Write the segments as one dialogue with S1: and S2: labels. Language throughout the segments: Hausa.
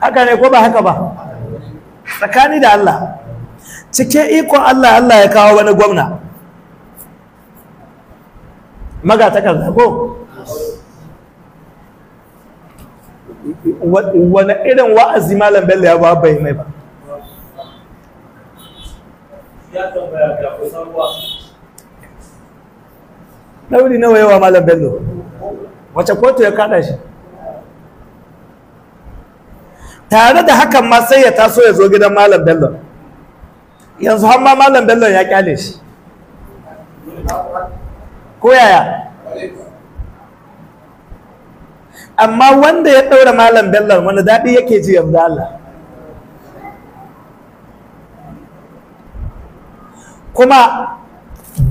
S1: haka ne ko ba haka ba tsakani da Allah cikin ikon Allah Allah ya kawo wani gwamna magatakar ko wani irin wa'azi malam bello ya ba bai mai ba ɗauri nawa yawa malam bello wace kotu ya kada shi tare da hakan ma sai ya taso ya zo gidan malam bello yanzu har ma malam bello ya kyale shi ko yaya amma wanda ya ɗaura malam bello wani daɗi yake ji yanzu Allah kuma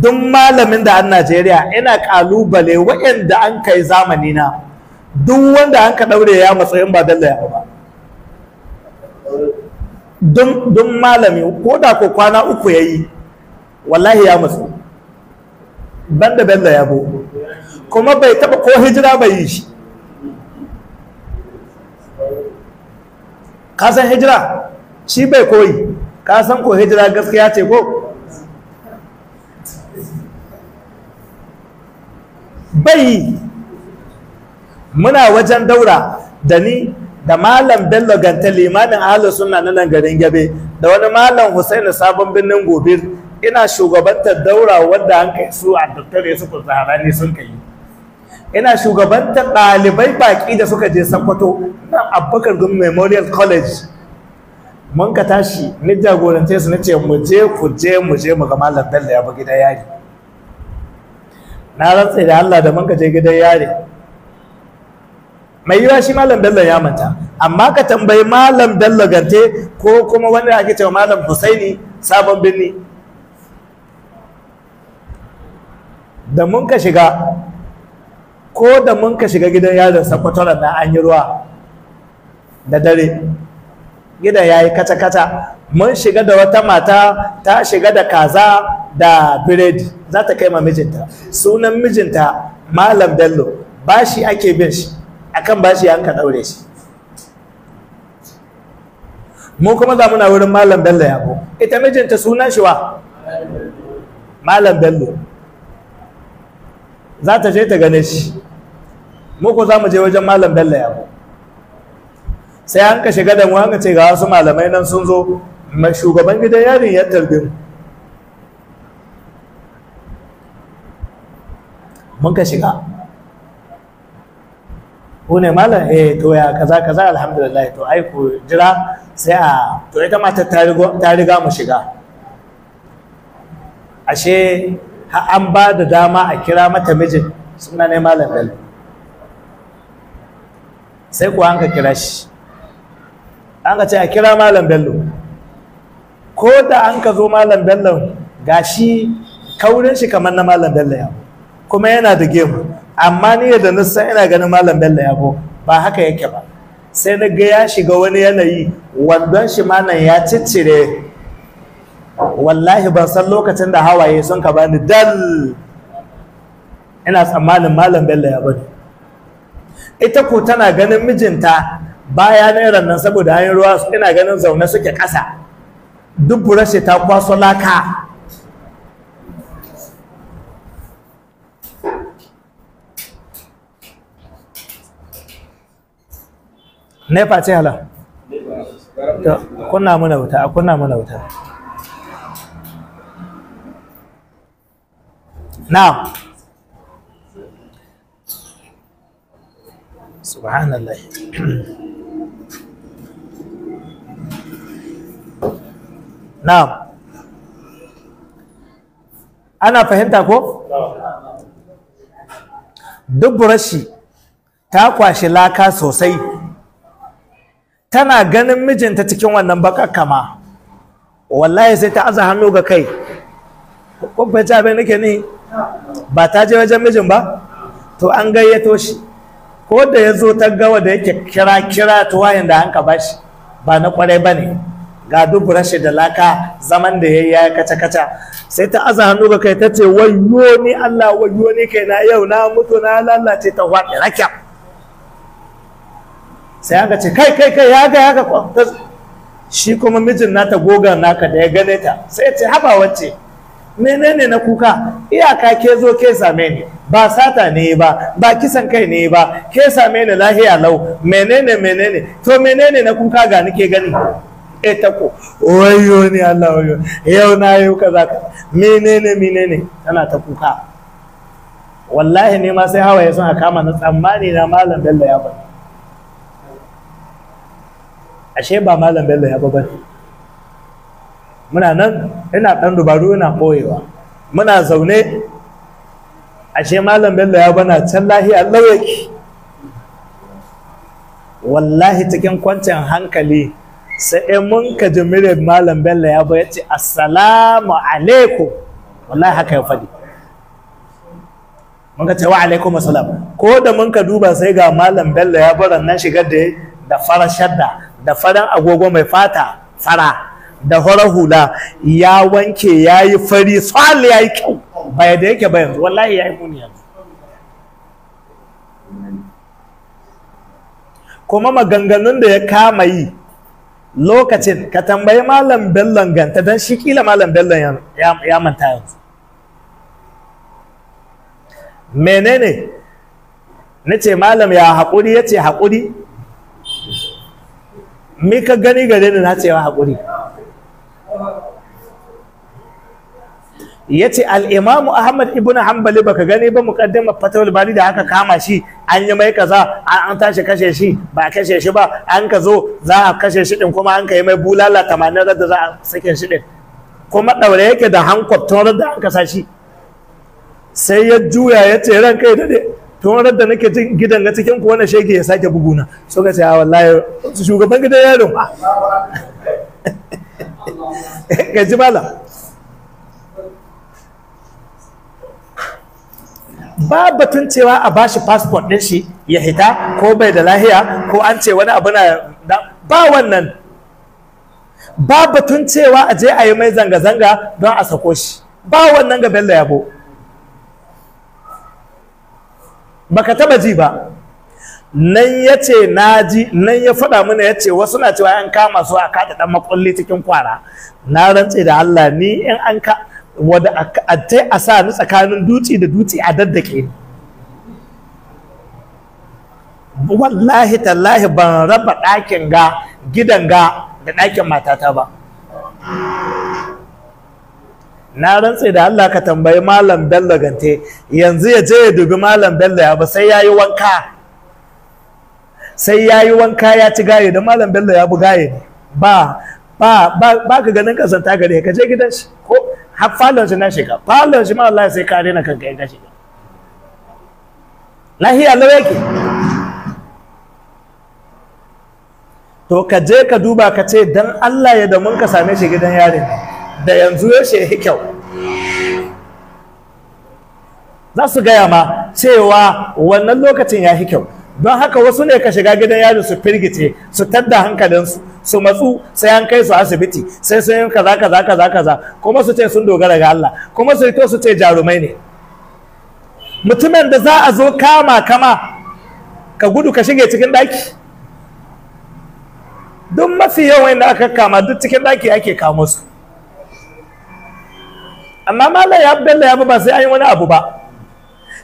S1: duk malamin da an Najeriya ina kalubale waɗanda an kai zamani na duk wanda an ka ɗaure ya matsayin ba bello ya ba don malami ko da ko kwana uku ya yi wallahi ya matsu banda bello ya bu kuma bai taba ko hijira bai yi shi kasan hijira shi bai koyi kasan ko hijira gaskiya ce ko bai muna wajen daura da ni da malam bello ganta limanin ahalus sunna na nan garin gabe da wani malam Hussaini, sabon birnin gobir ina shugabantar daura wadda an kai su a doktor yusuf ne sun kai ina shugabantar ɗalibai baƙi da suka je sakwato na abubakar gum memorial college mun ka tashi ni jagorance su nace mu je ku je mu je mu ga malam bello ya bi gidan yari na rantsa da allah da mun ka je gidan yari mai yiwa shi malam bello ya manta amma ka tambayi malam bello gante ko kuma wanda ake cewa malam husaini sabon birni da mun ka shiga ko da mun ka shiga gidan yaron sakwatoran na an yi ruwa da dare gidan ya yi kata-kata mun shiga da wata mata ta shiga da kaza da biredi za ta kai ma mijinta sunan mijinta malam bello ba shi ake bin shi akan bashi an ka daure shi mu kuma za muna wurin malam bello ya ko, ita mijinta sunan shi wa malam bello za ta je ta gane shi mu ko za mu je wajen malam bello ya ko. sai an ka shiga da mu an ce ga wasu malamai nan sun zo shugaban gidan yarin ya tarbe mu mun ka shiga ku ne malam eh to ya kaza kaza alhamdulillah to ai ku jira sai a to ita ma ta riga mu shiga ashe an ba da dama a kira mata mijin suna ne malam dal sai kuwa an ka kira shi an ka ce a kira malam bello ko da an ka zo malam bello ga shi kaurin shi kamar na malam bello ya kuma yana da gemu amma ni da na san ina ganin malam bello ya ba haka yake ba sai na ga ya shiga wani yanayi wandon shi ma nan ya ciccire wallahi ban san lokacin da hawaye sun ka bani dal ina tsammanin malam bello ya bani ita ko tana ganin mijinta baya nairan nan saboda hanyar ruwa ina ganin zaune suke ƙasa duk burashi ta kwaso laka ne ce hala kunna mana wuta a kunna mana wuta now subhanallah now ana fahimta ko duk burashi ta kwashi laka sosai tana ganin mijinta cikin wannan baka kama wallahi sai ta aza hannu ga kai kwabba ci abin nake ni ba ta je wajen mijin ba to an gayyato shi ko da ya zo ta gawa da yake kira kira wayan da hanka ba shi ba na kwarai ba ne ga dubura shi da laka zaman da ya yi kaca kaca sai ta aza hannu ga kai ta ce wayo ni allah wayo ni kai na yau na mutu na lalace ta waɗe rakiya sai aka ce kai kai kai ya ga ya ga shi kuma mijin nata goga naka da ya gane ta sai ya ce haba wacce menene na kuka iyaka ke zo ke same ni ba sata ne ba ba kisan kai ne ba ke same ni lahiya lau menene menene to menene na kuka ga nike gani e eh, tako wayo ne Allah wayo yau na yau kaza menene menene tana ta kuka wallahi ne ma sai hawaye sun kama na tsammani na malam bello ya bani ashe ba malam bello ya ba muna nan ina dan dubaru ina koyewa muna zaune ashe malam bello ya bana can lahiya lauyaki wallahi cikin kwancin hankali sai ɗaya mun ka jimire malam bello ya ya ce assalamu alaikum wallahi haka ya faɗi mun ka ce wa alaikum assalam ko da mun ka duba sai ga malam bello ya bar nan shigar da da farashar da da farin agogo mai fata fara da horar hula ya wanke ya yi fari tsali ya yi kyau bayan da yake bayan wallahi ya yi muni yanzu kuma maganganun da ya kama yi lokacin ka tambayi malam bellon ganta don shi kila malam bellon ya manta yanzu menene na ce malam ya haƙuri ya ce haƙuri me ka gani gare da na cewa hakuri. ya ce al'imamu ahmad ibn hanbali ka gani ba muƙaddimar fatawul bari da aka kama shi an yi mai kaza an tashi kashe shi ba kashe shi ba an ka zo za a kashe shi din kuma an ka yi mai bulala tamanin da za a sake shi din. kuma ɗaure yake da hankwab tun da an kasa sai ya juya ya ce ran kai da tun da nake jin gidan na cikin kuwa na shege ya sake buguna suka ce a ah, wallahi shugaban gidan yaron ga ji bala ba batun cewa a bashi passport din shi ya hita ko bai da lahiya ko an ce wani abu na ba wannan ba batun cewa a je a yi mai zanga-zanga don a sako shi ba wannan ga bello yabo baka taba ji ba nan ya ce na ji nan ya faɗa mana ya ce wasu na cewa an kama su a kada ɗan makulli cikin kwara na rantse da Allah ni in an ka wada a ta a sa ni tsakanin dutse da dutse a daddake wallahi tallahi ban raba ɗakin ga gidan ga da ɗakin matata ba na rantse da Allah ka tambayi malam bello gante yanzu ya je ya dubi malam bello ya ba sai ya yi wanka sai ya yi wanka ya ci gaye da malam bello ya bu gaye ba ba ba ka ganin kasanta gare ka je gidan shi ko har falon shi nan shiga falon shi ma Allah sai ka rena kanka ya gashi lahiya lawa yake to ka je ka duba ka ce dan Allah ya da mun ka same shi gidan yarin da yanzu ya shehi kyau za su gaya ma cewa wannan lokacin ya fi kyau don haka wasu ne ka shiga gidan yari su firgice su tadda hankalinsu su matsu sai an kai su asibiti sai sun yi kaza kaza kaza kaza kuma su ce sun dogara ga Allah kuma su to su ce jarumai ne mutumin da za a zo kama kama ka gudu ka shige cikin daki duk mafi yawan da aka kama duk cikin daki ake kamo su amma malam ya dalla ya ba sai an yi wani abu ba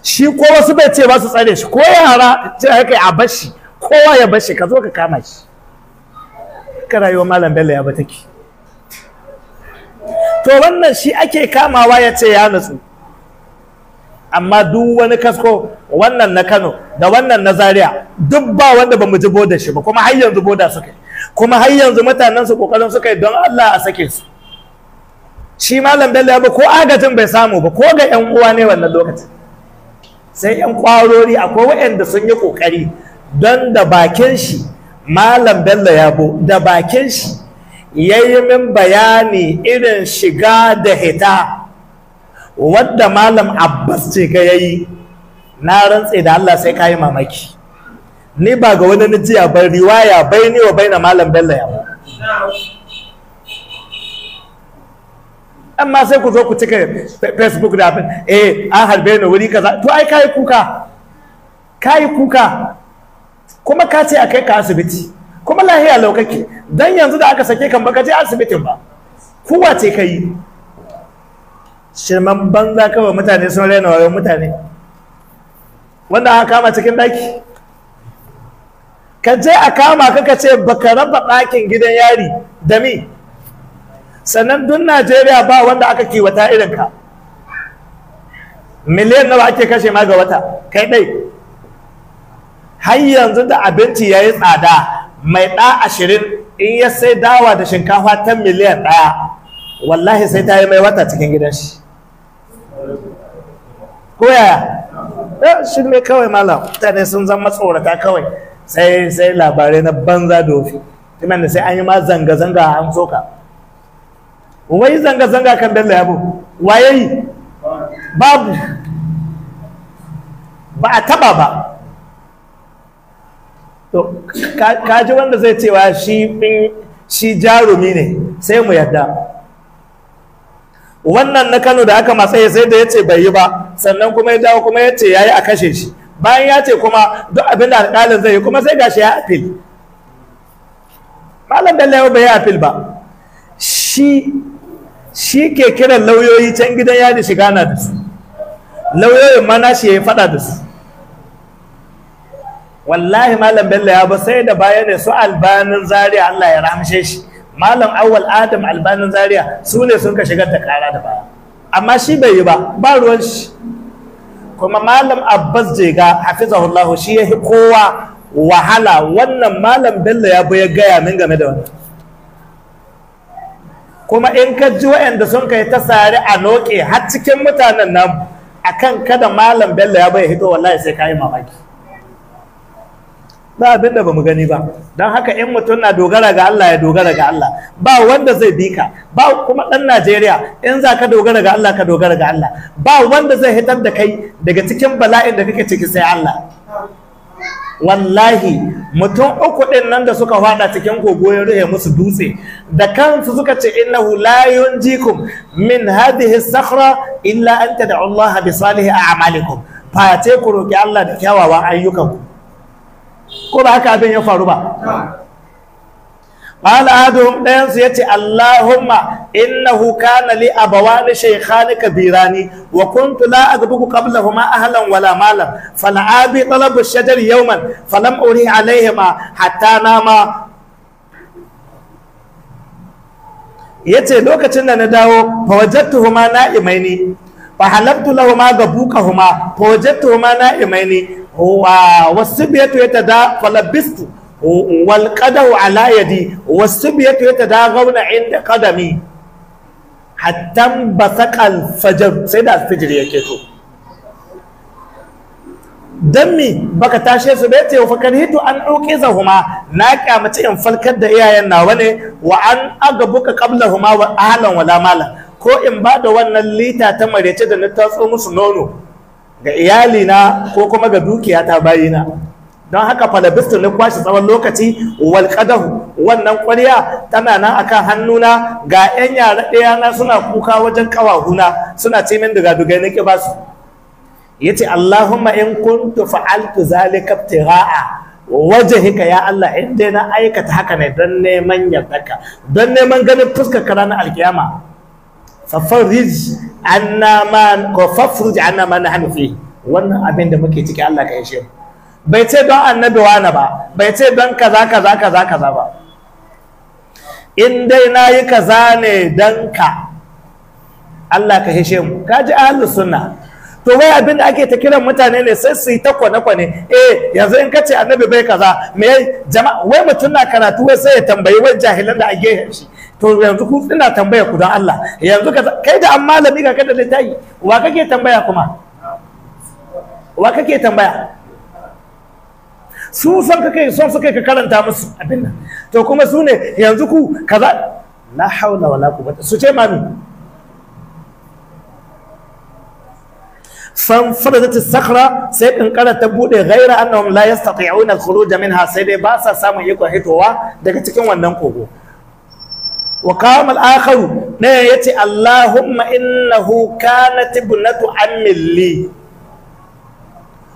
S1: shi ko wasu bai ce ba su tsare shi ko yara ce kai a bashi kowa ya bashi ka zo ka kama shi ka wa malam bello ya ba take to wannan shi ake kamawa ya ce ya nutsu amma duk wani kasko wannan na Kano da wannan na Zaria duk ba wanda bamu ji boda shi ba kuma har yanzu boda suka kuma har yanzu mutanen su kokarin suka yi don Allah a sake su shi malam bello ya ko agajin bai samu ba ko ga yan uwa ne wannan lokacin sai yan kwarori akwai waɗanda sun yi kokari don da bakin shi malam bello ya da bakin shi ya yi min bayani irin shiga da hita wadda malam abbas ce ka yi, na rantse da allah sai ka yi mamaki ni ba ga wani nijiya ba riwaya bai ni wa bai na malam bello ya bo amma sai ku zo ku cika facebook da abin eh an harbe ni wuri kaza to ai kai kuka kai kuka kuma ka ce a kai ka asibiti kuma lahiya lau kake dan yanzu da aka sake kan baka je asibitin ba ku ce ka yi shirman banza kawai mutane sun raina wayo mutane wanda aka kama cikin daki ka je a kama ka ce baka raba ɗakin gidan yari da mi sannan duk najeriya ba wanda aka kiwata irin ka miliyan nawa ake kashe ma ga wata kai dai har yanzu da abinci ya yi tsada mai ɗa ashirin in ya sai dawa da shinkafa ta miliyan ɗaya wallahi sai ta yi mai wata cikin gidan shi ko yaya eh, shi ne kawai malam mutane sun zama tsorata kawai sai sai labarai na banza dofi tunan sai an yi ma zanga-zanga an soka wai zanga-zanga kan bello yabo waye yi babu ba a taba ba to kaji wanda zai cewa shi jarumi ne sai mu yadda wannan na kano da aka matsaye sai da ya ce bai yi ba sannan kuma ya dawo kuma ya ce ya yi a kashe shi bayan ya ce kuma duk abin da alƙalin zai yi kuma sai gashi ya apil malam bello ya bai yi apil ba shi shi ke kiran lauyoyi can gidan yadi shi gana da su lauyoyin ma shi ya yi faɗa da su wallahi malam bello ya ba sai da baya ne su albanin zaria allah ya ramshe shi malam awal adam albanin zaria su ne sun ka shigar da kara da baya amma shi bai yi ba ba ruwan shi kuma malam abbas jega hafizahullahu shi ya kowa wahala wannan malam bello ya bi ya gaya min game da wannan kuma in ka ji waɗanda sun kai ta sare a noke har cikin mutanen nan akan kada malam bello ya bai hito wallahi sai ka yi mamaki ba abin da ba mu gani ba don haka in mutum na dogara ga Allah ya dogara ga Allah ba wanda zai bi ka ba kuma ɗan Najeriya in za ka dogara ga Allah ka dogara ga Allah ba wanda zai hitar da kai daga cikin bala'in da kake ciki sai Allah wallahi mutum uku ɗin nan da suka fada cikin kogo ya ruhe musu dutse da kansu suka ce innahu la yunjikum min hadhihi sakhra illa an tad'u Allah bi salihi a'malikum face ku roki Allah da kyawawan ayyukanku ko ba haka abin ya faru ba قال أحدهم دينس يتي اللهم إنه كان لي أبوان شيخان كبيران وكنت لا أدبك قبلهما أهلا ولا مالا فنعابي طلب الشجر يوما فلم أري عليهما حتى ناما yace lokacin da na dawo fawajattuhuma na'imaini fa halabtu lahumu gabuqahuma fawajattuhuma na'imaini wa wal qadahu ala yadi wasibiyatu yatadaghawna inda qadami hatta basaqa al fajr sai da alfijir yake to dan me baka tashe su bai ce fa karhitu an uqizahuma na ƙyamaci in falkar da iyayen nawa ne wa an agabuka qablahuma wa ahlan wala malan ko in ba da wannan lita ta marece da na tatso musu nono ga iyalina ko kuma ga dukiyata bayina don haka falabistu na kwashi tsawon lokaci wal wannan ƙwarya tana nan akan hannuna ga 'yan yara ɗaya na suna kuka wajen ƙawahuna suna ce min daga dugai na ƙiba su yace Allahumma in kuntu fa'altu zalika ibtira'a wajahika ya Allah in dai na aikata haka ne don neman yardarka don neman ganin fuskar ka ranar alkiyama fafarij anna ma ko anna ma nahnu fi wannan abin da muke ciki Allah ka yashe mu bai ce don annabi wani ba bai ce don kaza kaza kaza kaza ba in dai na yi kaza ne don ka Allah ka hishe mu ka ji ahalus sunna to wai abin da ake ta kiran mutane ne sai su yi ta kwane-kwane eh yanzu in ka ce annabi bai kaza me jama'a wai mutum na karatu wai sai ya tambayi wai jahilan da a shi to yanzu ku ina tambaya ku don Allah yanzu ka kai da an malami ka kada littafi wa kake tambaya kuma wa kake tambaya su son kake ka karanta musu abin nan to kuma su ne yanzu ku kaza la haula wala quwwata su ce mami fan fadadat sakhra sai kankara ta bude ghaira annahum la yastati'una al-khuruj minha sai dai ba sa samun iko hitowa daga cikin wannan kogo wa qama al-akharu ne yace allahumma innahu kanat ibnatu ammi li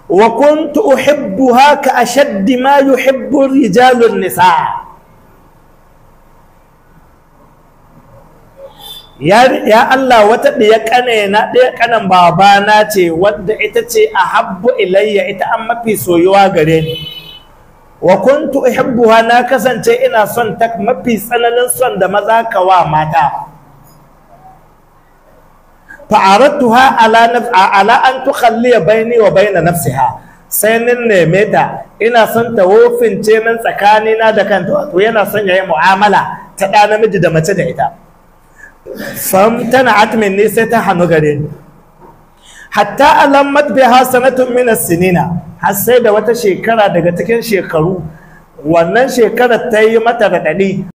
S1: wa kuntu uhibbu haka ashaddi ma yuhibbu rijalun nisa ya Allah wata ya kane na kanan baba na ce wadda ita ce a habbu ilayya ita an mafi soyuwa gare ni wa kuntu uhibbuha na kasance ina son ta mafi tsananin son da maza ka wa mata ha ala nafsi ala an tukhalliya baini wa baina ha, sai nin neme ina son ta wofince min tsakanina da kanta wato yana son yi mu'amala ta ɗa namiji da mace da ita fam tana atmin ne sai ta hannu gare ni hatta alammat bi sanatun min as-sinina har sai da wata shekara daga cikin shekaru wannan shekarar ta yi mata raɗaɗi